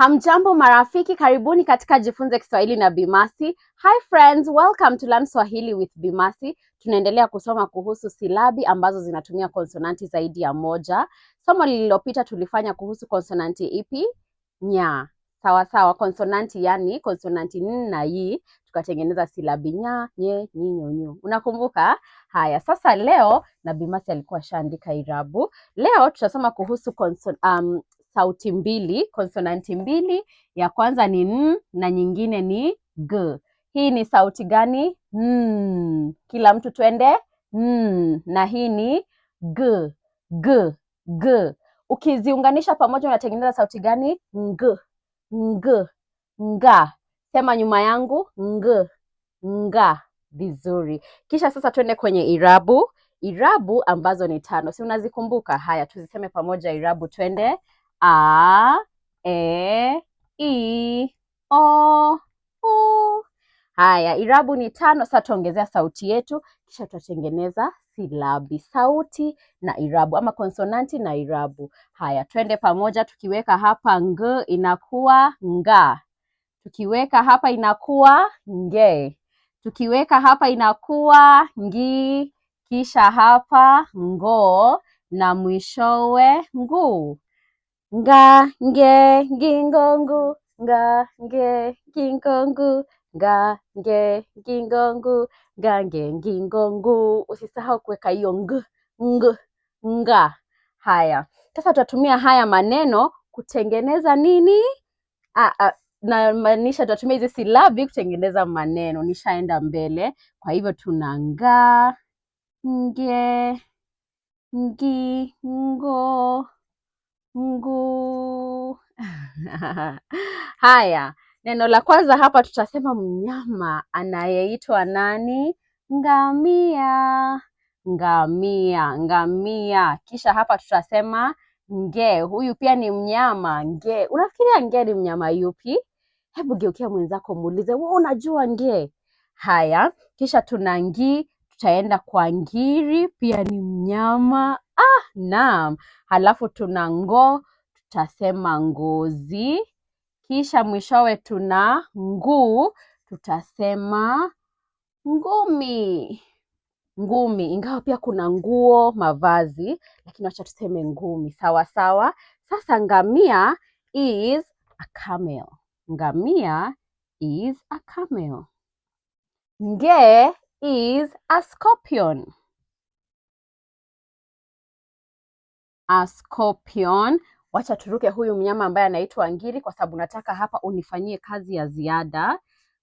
Hamjambo marafiki, karibuni katika Jifunze Kiswahili na Bimasi. Hi friends, welcome to Learn Swahili with Bimasi. Tunaendelea kusoma kuhusu silabi ambazo zinatumia konsonanti zaidi ya moja. Somo lililopita tulifanya kuhusu konsonanti ipi? Nya. Sawa sawa, konsonanti yani konsonanti n na yi, tukatengeneza silabi nya, nye, nyi, nyo, nyu. Unakumbuka? Haya, sasa leo na Bimasi alikuwa shaandika irabu. Leo tutasoma kuhusu konson, um, sauti mbili, konsonanti mbili, ya kwanza ni n na nyingine ni g. Hii ni sauti gani? N. Kila mtu twende n, na hii ni g, g, g. Ukiziunganisha pamoja unatengeneza sauti gani? Ng, ng, nga. Sema nyuma yangu, ng, nga. Vizuri. Kisha sasa twende kwenye irabu irabu ambazo ni tano, si unazikumbuka? Haya, tuziseme pamoja. Irabu twende: a, e, i, o, u. Haya, irabu ni tano. Sasa tuongezea sauti yetu, kisha tutatengeneza silabi. Sauti na irabu ama konsonanti na irabu. Haya, twende pamoja. Tukiweka hapa ng, inakuwa nga. Tukiweka hapa inakuwa nge. Tukiweka hapa inakuwa ngi, kisha hapa ngo na mwishowe nguu nga nge ngingongu nga nge ngingongu nga nge ngingongu nga nge ngingongu. Usisahau kuweka hiyo ng, ng, nga. Haya, sasa tutatumia haya maneno kutengeneza nini? A, a, namaanisha tutatumia hizi silabi kutengeneza maneno. Nishaenda mbele, kwa hivyo tuna nga nge ngi ngo mguu. Haya, neno la kwanza hapa tutasema mnyama anayeitwa nani? Ngamia, ngamia, ngamia. Kisha hapa tutasema nge. Huyu pia ni mnyama nge. Unafikiria nge ni mnyama yupi? Hebu geukia mwenzako muulize, wewe unajua nge? Haya, kisha tuna ngi, tutaenda kwa ngiri, pia ni mnyama Ah, naam. Halafu tuna ngo, tutasema ngozi. Kisha mwishowe tuna nguu, tutasema ngumi. Ngumi, ingawa pia kuna nguo, mavazi, lakini wacha tuseme ngumi. Sawa sawa. Sasa ngamia is a camel. Ngamia is a camel. Nge is a scorpion. uh, scorpion. Wacha turuke huyu mnyama ambaye anaitwa ngiri, kwa sababu nataka hapa unifanyie kazi ya ziada,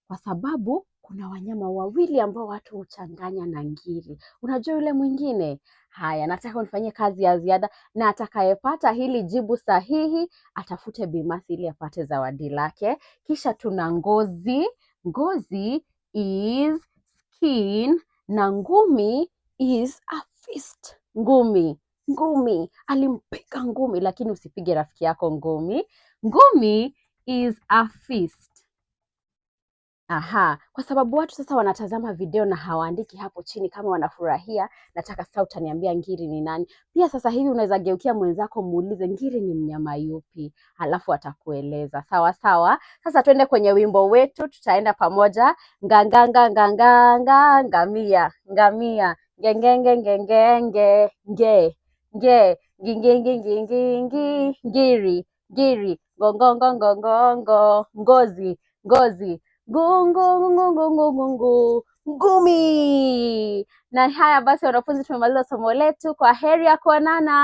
kwa sababu kuna wanyama wawili ambao watu huchanganya na ngiri. Unajua yule mwingine? Haya, nataka unifanyie kazi ya ziada, na atakayepata hili jibu sahihi atafute bimasi ili apate zawadi lake. Kisha tuna ngozi. Ngozi is skin na ngumi is a fist. Ngumi ngumi, alimpiga ngumi. Lakini usipige rafiki yako ngumi. Ngumi is a fist. Aha, kwa sababu watu sasa wanatazama video na hawaandiki hapo chini kama wanafurahia. Nataka sasa utaniambia ngiri ni nani? Pia sasa hivi unaweza geukia mwenzako muulize ngiri ni mnyama yupi, alafu atakueleza. Sawa sawa. Sasa twende kwenye wimbo wetu, tutaenda pamoja. nganganga nganganga ngamia ngamia ngengenge ngengenge nge nge ngi ngiri ngiri ngongongongongongo ngozi ngozi gungungungungungungu ngumi. Na haya basi, wanafunzi, tumemaliza somo letu. Kwa heri ya kuonana.